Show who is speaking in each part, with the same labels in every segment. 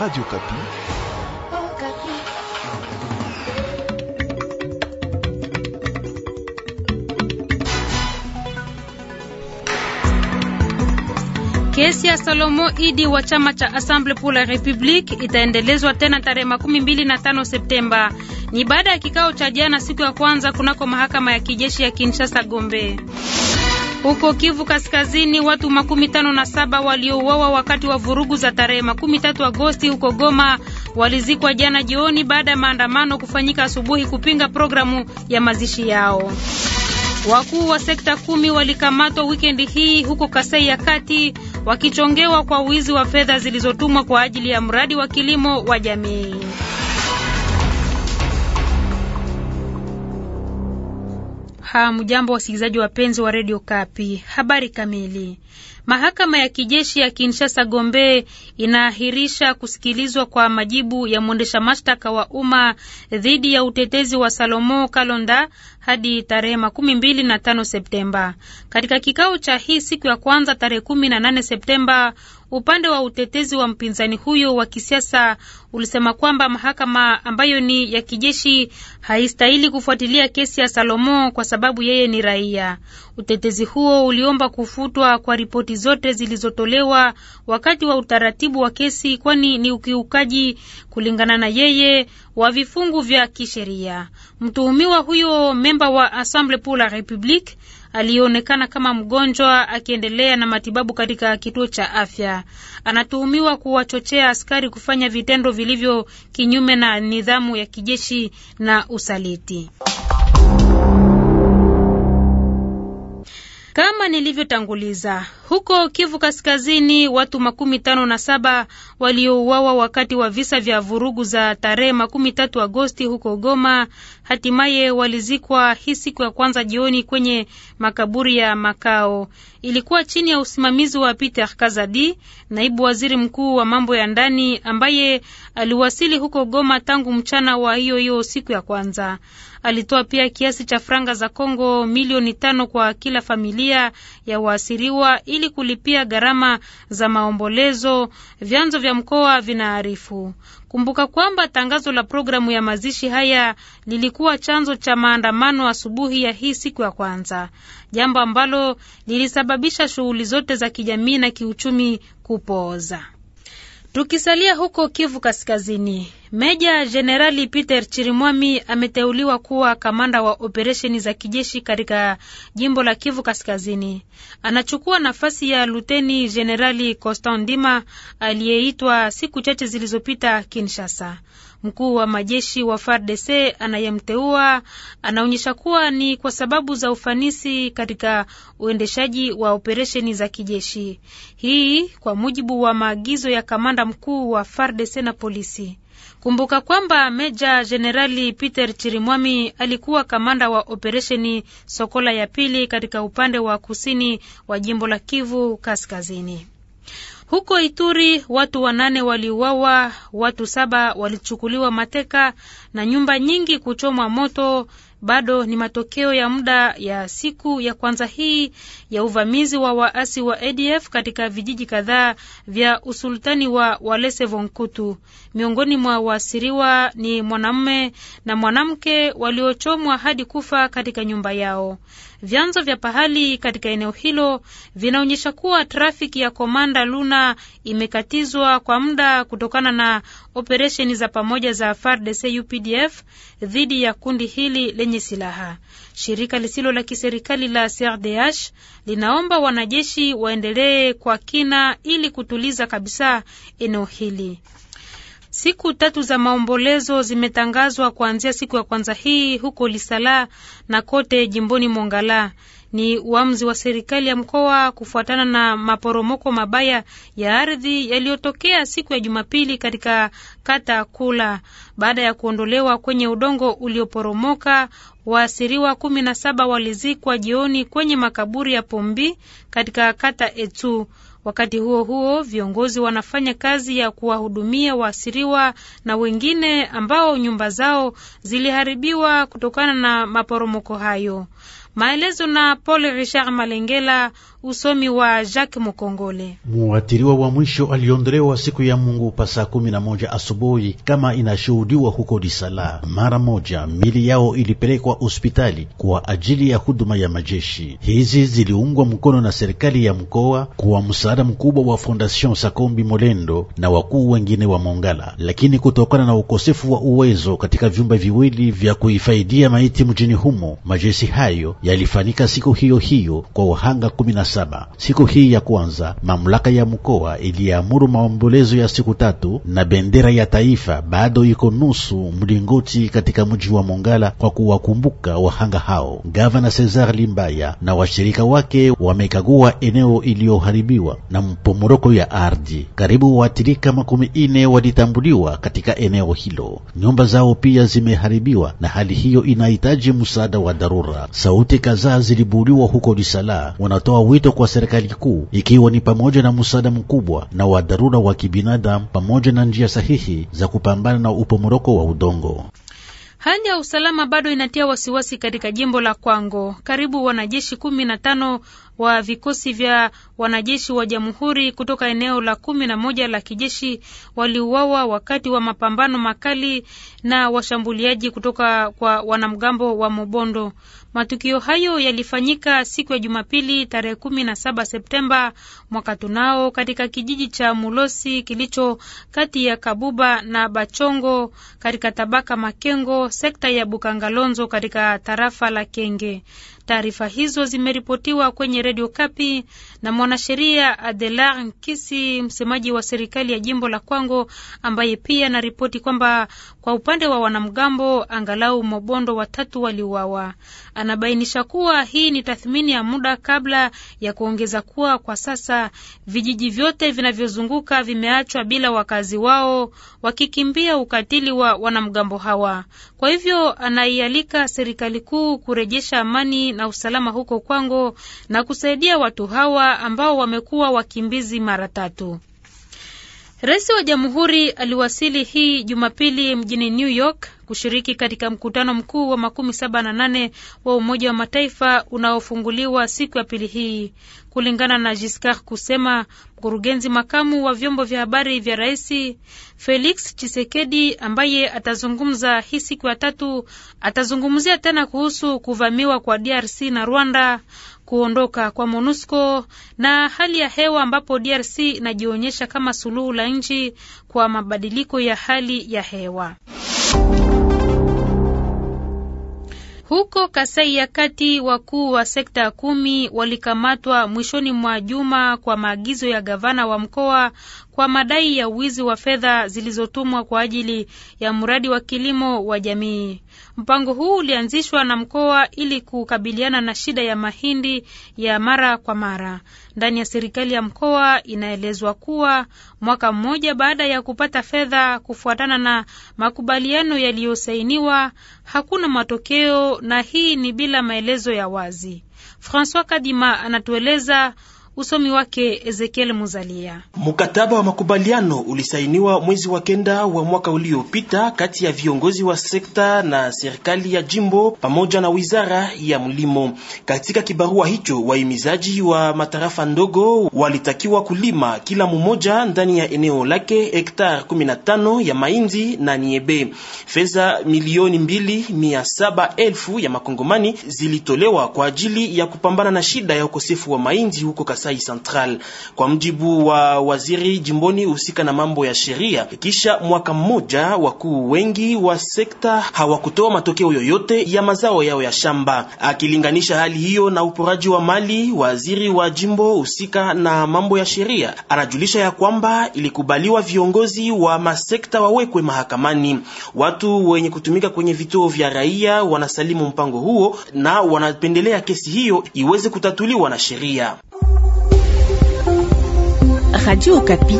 Speaker 1: Radio Kapi.
Speaker 2: Kesi ya Salomo Idi wa chama cha Assemble pour la République itaendelezwa tena tarehe makumi na Septemba. Ni baada ya kikao cha jana siku ya kwanza kunako mahakama ya kijeshi ya Kinshasa Gombe. Huko Kivu Kaskazini, watu makumi tano na saba waliouawa wakati wa vurugu za tarehe makumi tatu Agosti huko Goma walizikwa jana jioni baada ya maandamano kufanyika asubuhi kupinga programu ya mazishi yao. Wakuu wa sekta kumi walikamatwa wikendi hii huko Kasai ya Kati wakichongewa kwa wizi wa fedha zilizotumwa kwa ajili ya mradi wa kilimo wa jamii. Hamjambo, wasikilizaji wapenzi wa redio Kapi. Habari kamili. Mahakama ya kijeshi ya Kinshasa Gombe inaahirisha kusikilizwa kwa majibu ya mwendesha mashtaka wa umma dhidi ya utetezi wa Salomo Kalonda hadi tarehe makumi mbili na tano Septemba. Katika kikao cha hii siku ya kwanza tarehe kumi na nane Septemba, Upande wa utetezi wa mpinzani huyo wa kisiasa ulisema kwamba mahakama ambayo ni ya kijeshi haistahili kufuatilia kesi ya Salomo kwa sababu yeye ni raia. Utetezi huo uliomba kufutwa kwa ripoti zote zilizotolewa wakati wa utaratibu wa kesi, kwani ni ukiukaji, kulingana na yeye, wa vifungu vya kisheria. Mtuhumiwa huyo memba wa Assemble pour la Republique aliyeonekana kama mgonjwa akiendelea na matibabu katika kituo cha afya. Anatuhumiwa kuwachochea askari kufanya vitendo vilivyo kinyume na nidhamu ya kijeshi na usaliti. Kama nilivyotanguliza huko Kivu Kaskazini, watu makumi tano na saba waliouawa wakati wa visa vya vurugu za tarehe makumi tatu Agosti huko Goma hatimaye walizikwa hii siku ya kwanza jioni kwenye makaburi ya Makao. Ilikuwa chini ya usimamizi wa Peter Kazadi, naibu waziri mkuu wa mambo ya ndani, ambaye aliwasili huko Goma tangu mchana wa hiyo hiyo siku ya kwanza. Alitoa pia kiasi cha franga za Kongo milioni tano kwa kila familia ya waasiriwa ili kulipia gharama za maombolezo, vyanzo vya mkoa vinaarifu. Kumbuka kwamba tangazo la programu ya mazishi haya lilikuwa chanzo cha maandamano asubuhi ya hii siku ya kwanza, jambo ambalo lilisababisha shughuli zote za kijamii na kiuchumi kupooza. Tukisalia huko Kivu Kaskazini, Meja Jenerali Peter Chirimwami ameteuliwa kuwa kamanda wa operesheni za kijeshi katika jimbo la Kivu Kaskazini. Anachukua nafasi ya Luteni Jenerali Constant Ndima aliyeitwa siku chache zilizopita Kinshasa. Mkuu wa majeshi wa FARDC anayemteua anaonyesha kuwa ni kwa sababu za ufanisi katika uendeshaji wa operesheni za kijeshi. Hii kwa mujibu wa maagizo ya kamanda mkuu wa FARDC na polisi. Kumbuka kwamba Meja Jenerali Peter Chirimwami alikuwa kamanda wa operesheni Sokola ya pili katika upande wa kusini wa jimbo la Kivu Kaskazini. Huko Ituri watu wanane waliuawa, watu saba walichukuliwa mateka na nyumba nyingi kuchomwa moto. Bado ni matokeo ya muda ya siku ya kwanza hii ya uvamizi wa waasi wa ADF katika vijiji kadhaa vya usultani wa Walese Vonkutu. Miongoni mwa waasiriwa ni mwanamume na mwanamke waliochomwa hadi kufa katika nyumba yao. Vyanzo vya pahali katika eneo hilo vinaonyesha kuwa trafiki ya Komanda Luna imekatizwa kwa muda kutokana na operesheni za pamoja za FARDC UPDF dhidi ya kundi hili lenye silaha. Shirika lisilo la kiserikali la CRDH linaomba wanajeshi waendelee kwa kina ili kutuliza kabisa eneo hili. Siku tatu za maombolezo zimetangazwa kuanzia siku ya kwanza hii huko Lisala na kote jimboni Mongala. Ni uamuzi wa serikali ya mkoa kufuatana na maporomoko mabaya ya ardhi yaliyotokea siku ya Jumapili katika kata Kula. Baada ya kuondolewa kwenye udongo ulioporomoka, waasiriwa kumi na saba walizikwa jioni kwenye makaburi ya Pombi katika kata Etu. Wakati huo huo, viongozi wanafanya kazi ya kuwahudumia waasiriwa na wengine ambao nyumba zao ziliharibiwa kutokana na maporomoko hayo. Maelezo na Paul Richard Malengela, usomi wa Jacques Mukongole.
Speaker 3: Muathiriwa wa mwisho aliondolewa siku ya Mungu pa saa kumi na moja asubuhi kama inashuhudiwa huko Disala. Mara moja mili yao ilipelekwa hospitali kwa ajili ya huduma ya majeshi. Hizi ziliungwa mkono na serikali ya mkoa kwa msaada mkubwa wa Fondation Sakombi Molendo na wakuu wengine wa Mongala, lakini kutokana na ukosefu wa uwezo katika vyumba viwili vya kuifaidia maiti mjini humo, majeshi hayo yalifanyika siku hiyo hiyo kwa wahanga 17. Siku hii ya kwanza, mamlaka ya mkoa iliamuru maombolezo ya siku tatu, na bendera ya taifa bado iko nusu mlingoti katika mji wa Mongala kwa kuwakumbuka wahanga hao. Gavana Cesar Limbaya na washirika wake wamekagua eneo iliyoharibiwa na mpomoroko ya ardhi. Karibu waathirika makumi ine walitambuliwa katika eneo hilo. Nyumba zao pia zimeharibiwa, na hali hiyo inahitaji msaada wa dharura. Sauti kamati kadhaa zilibuliwa huko Lisala, wanatoa wito kwa serikali kuu, ikiwa ni pamoja na msaada mkubwa na wa dharura wa kibinadamu pamoja na njia sahihi za kupambana na upomoroko wa udongo.
Speaker 2: Hali ya usalama bado inatia wasiwasi katika jimbo la Kwango. Karibu wanajeshi kumi na tano wa vikosi vya wanajeshi wa jamhuri kutoka eneo la kumi na moja la kijeshi waliuawa wakati wa mapambano makali na washambuliaji kutoka kwa wanamgambo wa Mobondo. Matukio hayo yalifanyika siku ya Jumapili tarehe kumi na saba Septemba mwaka tunao katika kijiji cha Mulosi kilicho kati ya Kabuba na Bachongo katika tabaka Makengo sekta ya Bukangalonzo katika tarafa la Kenge. Taarifa hizo zimeripotiwa kwenye redio Kapi na mwanasheria Adelar Nkisi, msemaji wa serikali ya jimbo la Kwango, ambaye pia anaripoti kwamba kwa upande wa wanamgambo angalau Mobondo watatu waliuawa. Anabainisha kuwa hii ni tathmini ya muda kabla ya kuongeza kuwa kwa sasa vijiji vyote vinavyozunguka vimeachwa bila wakazi wao, wakikimbia ukatili wa wanamgambo hawa. Kwa hivyo anaialika serikali kuu kurejesha amani na na usalama huko Kwango na kusaidia watu hawa ambao wamekuwa wakimbizi mara tatu. Rais wa Jamhuri aliwasili hii Jumapili mjini New York kushiriki katika mkutano mkuu wa makumi saba na nane wa Umoja wa Mataifa unaofunguliwa siku ya pili hii, kulingana na Giscard kusema mkurugenzi makamu wa vyombo vya habari vya rais Felix Chisekedi ambaye atazungumza hii siku ya tatu, atazungumzia tena kuhusu kuvamiwa kwa DRC na Rwanda kuondoka kwa MONUSCO na hali ya hewa ambapo DRC inajionyesha kama suluhu la nchi kwa mabadiliko ya hali ya hewa. Huko Kasai ya Kati, wakuu wa sekta kumi walikamatwa mwishoni mwa juma kwa maagizo ya gavana wa mkoa kwa madai ya wizi wa fedha zilizotumwa kwa ajili ya mradi wa kilimo wa jamii. Mpango huu ulianzishwa na mkoa ili kukabiliana na shida ya mahindi ya mara kwa mara. Ndani ya serikali ya mkoa inaelezwa kuwa mwaka mmoja baada ya kupata fedha kufuatana na makubaliano yaliyosainiwa, hakuna matokeo na hii ni bila maelezo ya wazi. Francois Kadima anatueleza Usomi wake Ezekiel Muzalia.
Speaker 4: Mkataba wa makubaliano ulisainiwa mwezi wa kenda wa mwaka uliopita kati ya viongozi wa sekta na serikali ya jimbo pamoja na wizara ya mlimo. Katika kibarua hicho, wahimizaji wa matarafa ndogo walitakiwa kulima kila mmoja ndani ya eneo lake hektar 15 ya mahindi na niebe. Fedha milioni 27 ya makongomani zilitolewa kwa ajili ya kupambana na shida ya ukosefu wa mahindi huko Kasai Central, kwa mjibu wa waziri jimboni husika na mambo ya sheria. Kisha mwaka mmoja, wakuu wengi wa sekta hawakutoa matokeo yoyote ya mazao yao ya shamba. Akilinganisha hali hiyo na uporaji wa mali, waziri wa jimbo husika na mambo ya sheria anajulisha ya kwamba ilikubaliwa viongozi wa masekta wawekwe mahakamani. Watu wenye kutumika kwenye vituo vya raia wanasalimu mpango huo na wanapendelea kesi hiyo iweze kutatuliwa na sheria.
Speaker 5: Radio Okapi.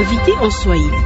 Speaker 5: Invité en Swahili.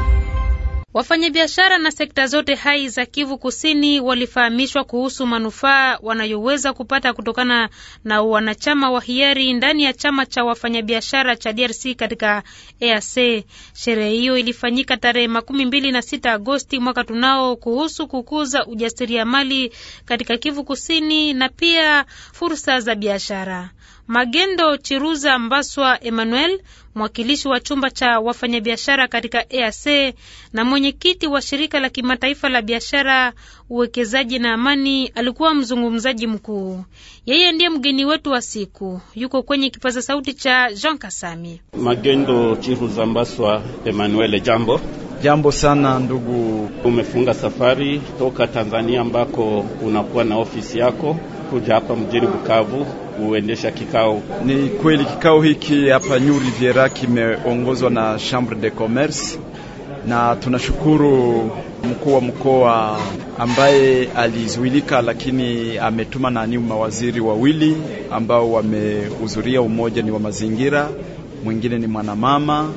Speaker 2: Wafanyabiashara na sekta zote hai za Kivu Kusini walifahamishwa kuhusu manufaa wanayoweza kupata kutokana na wanachama wa hiari ndani ya chama cha wafanyabiashara cha DRC katika EAC. Sherehe hiyo ilifanyika tarehe makumi mbili na sita Agosti mwaka tunao, kuhusu kukuza ujasiriamali katika Kivu Kusini na pia fursa za biashara. Magendo Chiruza Mbaswa Emmanuel, mwakilishi wa chumba cha wafanyabiashara katika EAC na mwenyekiti wa shirika la kimataifa la biashara, uwekezaji na amani, alikuwa mzungumzaji mkuu. Yeye ndiye mgeni wetu wa siku, yuko kwenye kipaza sauti cha Jean Kasami.
Speaker 4: Magendo
Speaker 1: Chiruza Mbaswa Emmanuel, jambo. Jambo sana ndugu. Umefunga safari toka Tanzania ambako unakuwa na ofisi yako kuja hapa mjini Bukavu kuendesha kikao. Ni kweli kikao hiki hapa New Riviera kimeongozwa na Chambre de Commerce na tunashukuru mkuu wa mkoa ambaye alizuilika, lakini ametuma nani mawaziri wawili ambao wamehudhuria. Umoja ni wa mazingira, mwingine ni mwanamama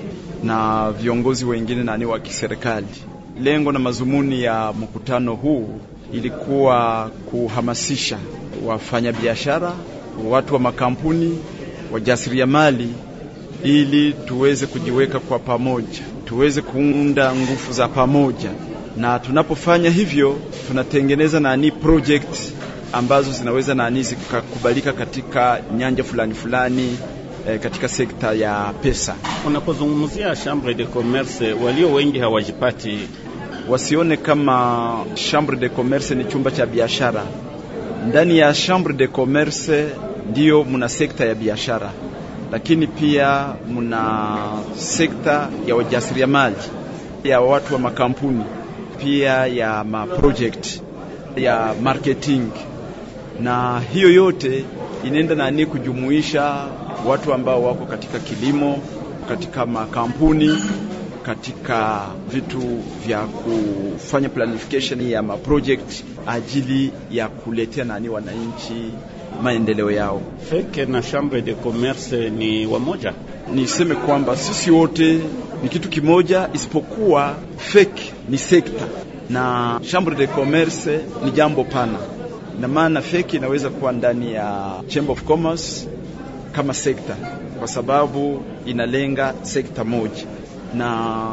Speaker 1: na viongozi wengine nani wa kiserikali. Lengo na mazumuni ya mkutano huu ilikuwa kuhamasisha wafanyabiashara, watu wa makampuni, wajasiriamali, ili tuweze kujiweka kwa pamoja, tuweze kuunda nguvu za pamoja, na tunapofanya hivyo tunatengeneza nani project ambazo zinaweza nani zikakubalika katika nyanja fulani fulani eh, katika sekta ya pesa. Unapozungumzia chambre de commerce, walio wengi hawajipati, wasione kama chambre de commerce ni chumba cha biashara ndani ya chambre de commerce ndiyo muna sekta ya biashara, lakini pia muna sekta ya wajasiriamali ya watu wa makampuni, pia ya maproject ya marketing, na hiyo yote inaenda nani kujumuisha watu ambao wako katika kilimo, katika makampuni katika vitu vya kufanya planification ya maproject ajili ya kuletea nani wananchi maendeleo yao. Feke na Chambre de Commerce ni wamoja. Niseme kwamba sisi wote ni kitu kimoja, isipokuwa Feke ni sekta na Chambre de Commerce ni jambo pana, na maana Feke inaweza kuwa ndani ya Chamber of Commerce kama sekta, kwa sababu inalenga sekta moja na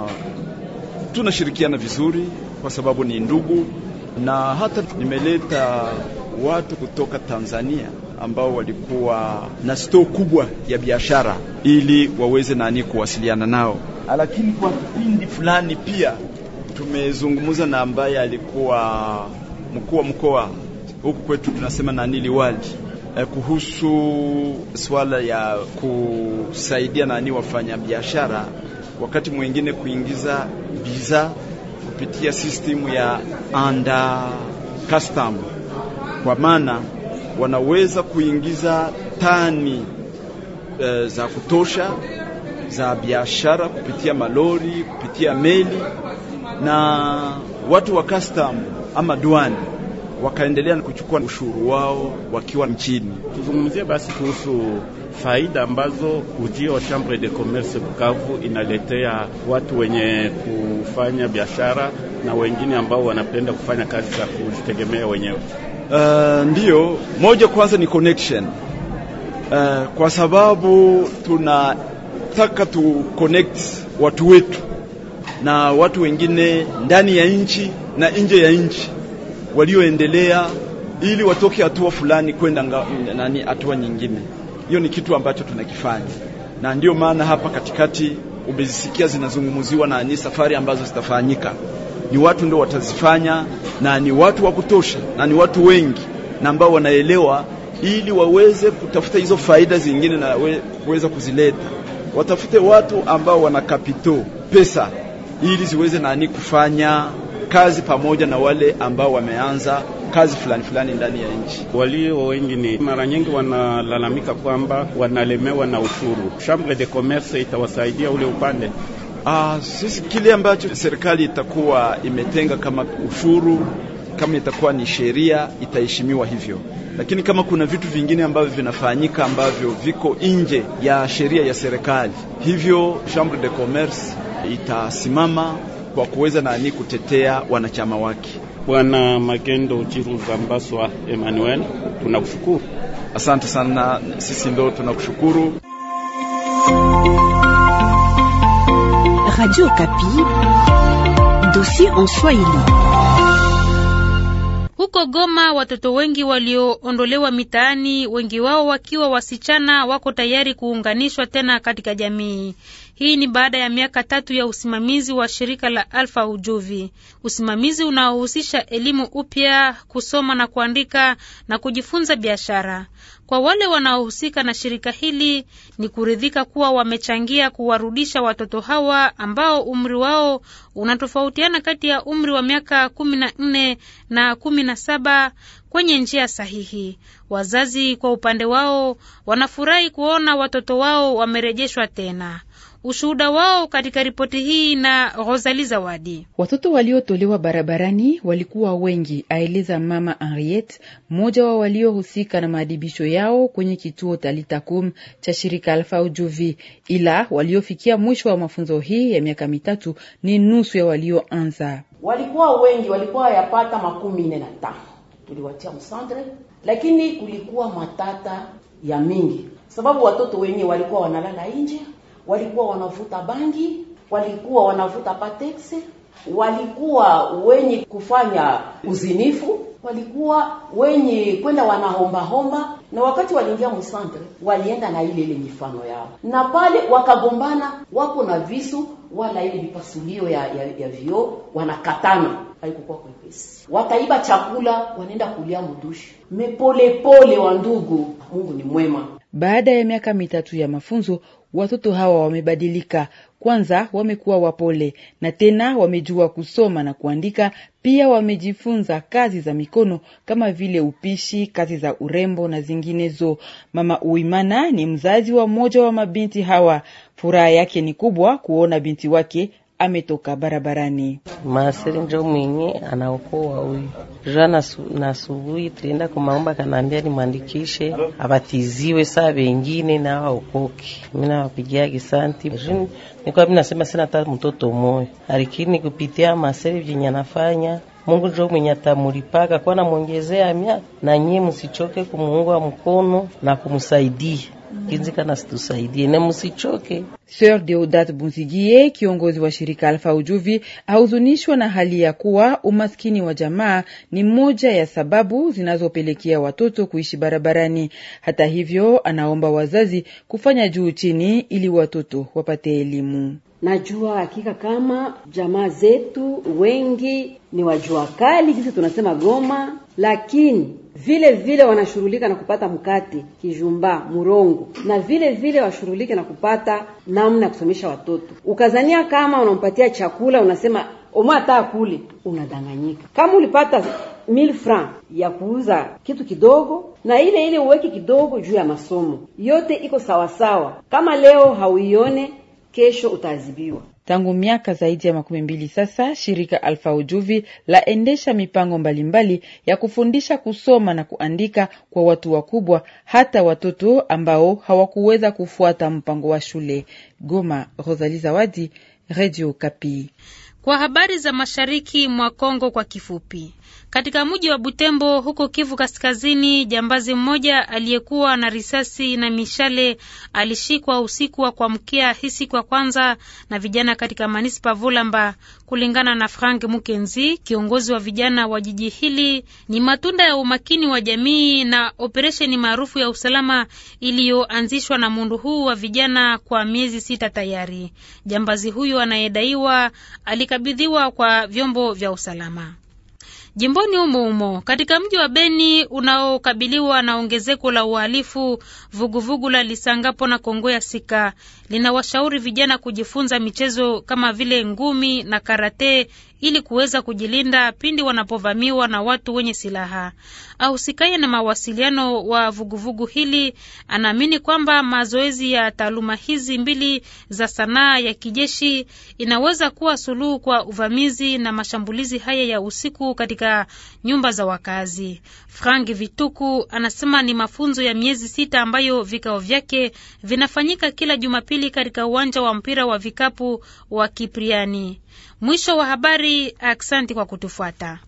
Speaker 1: tunashirikiana vizuri kwa sababu ni ndugu, na hata nimeleta watu kutoka Tanzania ambao walikuwa na stoo kubwa ya biashara ili waweze nani kuwasiliana nao, lakini kwa kipindi fulani pia tumezungumza na ambaye alikuwa mkuu wa mkoa huku kwetu tunasema nani liwali eh, kuhusu swala ya kusaidia nani wafanyabiashara wakati mwingine kuingiza visa kupitia system ya anda custom, kwa maana wanaweza kuingiza tani e, za kutosha za biashara kupitia malori, kupitia meli na watu wa custom ama duani wakaendelea kuchukua ushuru wao wakiwa nchini. Tuzungumzie basi kuhusu faida ambazo ujio wa Chambre de Commerce Bukavu inaletea watu wenye kufanya biashara na wengine ambao wanapenda kufanya kazi za kujitegemea wenyewe. Uh, ndiyo moja, kwanza ni connection uh, kwa sababu tunataka tu connect watu wetu na watu wengine ndani ya nchi na nje ya nchi walioendelea ili watoke hatua fulani kwenda nani hatua nyingine. Hiyo ni kitu ambacho tunakifanya, na ndio maana hapa katikati umezisikia zinazungumziwa na ni safari ambazo zitafanyika, ni watu ndio watazifanya, na ni watu wa kutosha, na ni watu wengi na ambao wanaelewa, ili waweze kutafuta hizo faida zingine na kuweza kuzileta. Watafute watu ambao wana kapito pesa, ili ziweze nani kufanya kazi pamoja na wale ambao wameanza kazi fulani fulani ndani ya nchi. Walio wengi ni mara nyingi wanalalamika kwamba wanalemewa na ushuru. Chambre de commerce itawasaidia ule upande. Ah, sisi kile ambacho serikali itakuwa imetenga kama ushuru, kama itakuwa ni sheria, itaheshimiwa hivyo lakini kama kuna vitu vingine ambavyo vinafanyika ambavyo viko nje ya sheria ya serikali, hivyo Chambre de Commerce itasimama kwa kuweza nani kutetea wanachama wake. Bwana Magendo Chiruza Zambaswa Emmanuel, tunakushukuru. Asante sana, sisi ndo tunakushukuru.
Speaker 5: Radio Kapi, dossier en Swahili.
Speaker 2: Huko Goma watoto wengi walioondolewa mitaani, wengi wao wakiwa wasichana, wako tayari kuunganishwa tena katika jamii. Hii ni baada ya miaka tatu ya usimamizi wa shirika la Alfa Ujuvi, usimamizi unaohusisha elimu upya, kusoma na kuandika na kujifunza biashara. Kwa wale wanaohusika na shirika hili ni kuridhika kuwa wamechangia kuwarudisha watoto hawa ambao umri wao unatofautiana kati ya umri wa miaka kumi na nne na kumi na saba kwenye njia sahihi. Wazazi kwa upande wao wanafurahi kuona watoto wao wamerejeshwa tena. Ushuhuda wao katika ripoti hii na Rosali Zawadi.
Speaker 5: Watoto waliotolewa barabarani walikuwa wengi, aeleza mama Henriette, mmoja wa waliohusika na maadibisho yao kwenye kituo talitacum cha shirika Alfa Ujuvi. Ila waliofikia mwisho wa mafunzo hii ya miaka mitatu ni nusu ya walioanza. Walikuwa wengi, walikuwa yapata makumi nne na tano tuliwatia msandre, lakini kulikuwa matata ya mingi, sababu watoto wenyewe walikuwa wanalala nje walikuwa wanavuta bangi, walikuwa wanavuta patexi, walikuwa wenye kufanya uzinifu, walikuwa wenye kwenda wanahomba-homba, na wakati waliingia musantre walienda na ile ile mifano yao, na pale wakagombana, wako na visu wala ile mipasulio ya, ya, ya vioo wanakatana haikukuwa kwepesi. Wataiba chakula, wanaenda kulia mudushi mepolepole. Wa ndugu, Mungu ni mwema. Baada ya miaka mitatu ya mafunzo, Watoto hawa wamebadilika. Kwanza wamekuwa wapole na tena wamejua kusoma na kuandika. Pia wamejifunza kazi za mikono kama vile upishi, kazi za urembo na zinginezo. Mama Uimana ni mzazi wa mmoja wa mabinti hawa. Furaha yake ni kubwa kuona binti wake ametoka barabarani. Maseri njo mwenye anaokoa huyu jua na asubuhi, tulienda kumaomba, kanaambia nimwandikishe abatiziwe saa bengine na waokoke. Minawapigia kisanti, nikuwa minasema sina hata mtoto moyo, alikini kupitia maseri vyenye anafanya Mungu njo mwenye atamulipaka kwa namwongezea mia, na nyie msichoke kumuunga mkono na kumsaidia kinzikanastusaidie na musichoke. Sir Deodat Bunzigie, kiongozi wa shirika Alfa Ujuvi, ahuzunishwa na hali ya kuwa umaskini wa jamaa ni moja ya sababu zinazopelekea watoto kuishi barabarani. Hata hivyo, anaomba wazazi kufanya juu chini ili watoto wapate elimu. Najua hakika kama jamaa zetu wengi ni wajua kali, kisi tunasema Goma lakini vile vile wanashughulika na kupata mkate, kijumba, murongo na vile vile washughulike na kupata namna ya kusomesha watoto. Ukazania kama unampatia chakula unasema oma taa kule, unadanganyika. Kama ulipata mil franc ya kuuza kitu kidogo na ile ile uweke kidogo juu ya masomo, yote iko sawasawa. Kama leo hauione, kesho utaadhibiwa. Tangu miaka zaidi ya makumi mbili sasa, shirika Alfa Ujuvi laendesha mipango mbalimbali mbali ya kufundisha kusoma na kuandika kwa watu wakubwa, hata watoto ambao hawakuweza kufuata mpango wa shule. Goma, rosali Zawadi, Radio Kapi.
Speaker 2: Kwa habari za mashariki mwa Kongo kwa kifupi, katika mji wa Butembo huko Kivu Kaskazini, jambazi mmoja aliyekuwa na risasi na mishale alishikwa usiku wa kuamkia hii siku ya kwanza na vijana katika manispa Volamba. Kulingana na Frank Mukenzi, kiongozi wa vijana wa jiji hili, ni matunda ya umakini wa jamii na operesheni maarufu ya usalama iliyoanzishwa na mundu huu wa vijana kwa miezi sita tayari. Jambazi huyo anayedaiwa alikabidhiwa kwa vyombo vya usalama. Jimboni humo humo katika mji wa Beni unaokabiliwa na ongezeko la uhalifu, vuguvugu la Lisangapo na Kongo ya Sika linawashauri vijana kujifunza michezo kama vile ngumi na karate ili kuweza kujilinda pindi wanapovamiwa na watu wenye silaha. Ahusikaye na mawasiliano wa vuguvugu hili anaamini kwamba mazoezi ya taaluma hizi mbili za sanaa ya kijeshi inaweza kuwa suluhu kwa uvamizi na mashambulizi haya ya usiku katika nyumba za wakazi. Frank Vituku anasema ni mafunzo ya miezi sita ambayo vikao vyake vinafanyika kila Jumapili katika uwanja wa mpira wa vikapu wa Kipriani. Mwisho wa habari. Aksanti kwa kutufuata.